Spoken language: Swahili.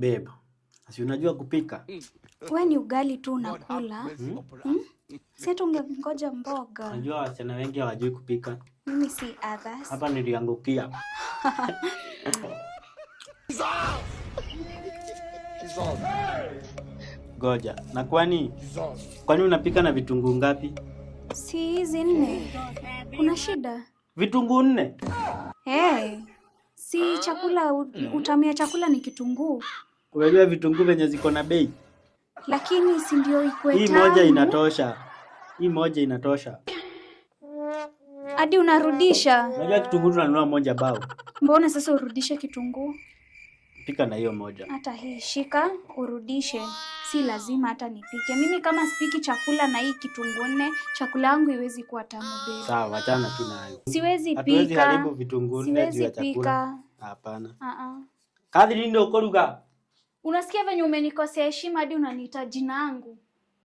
Beba, si unajua kupika? Wewe ni ugali tu unakula hmm? Hmm? Si hata ungengoja mboga. Unajua wasichana wengi hawajui kupika. Mimi si others. Hapa niliangukia. Goja. Na kwani? Kwani unapika na vitunguu ngapi? Si hizi nne. Kuna shida? Vitunguu nne? Eh. Hey. Si chakula utamia chakula ni kitunguu. Unajua vitunguu venye ziko na bei, lakini si ndio ikwe tamu. Hii moja inatosha, hii moja inatosha hadi unarudisha. Unajua kitunguu tunanunua moja bao, mbona sasa urudishe kitunguu? Pika na hiyo moja, hata hii shika, urudishe. Si lazima hata nipike mimi, kama sipiki chakula na hii kitunguu nne, chakula yangu iwezi kuwa tamu bei. Sawa, achana tu nayo, siwezi pika, hatuwezi haribu vitunguu nne juu ya chakula. Hapana, Uh -uh. kadri ndio ukoruga Unasikia venye umenikosea heshima hadi unaniita jina langu?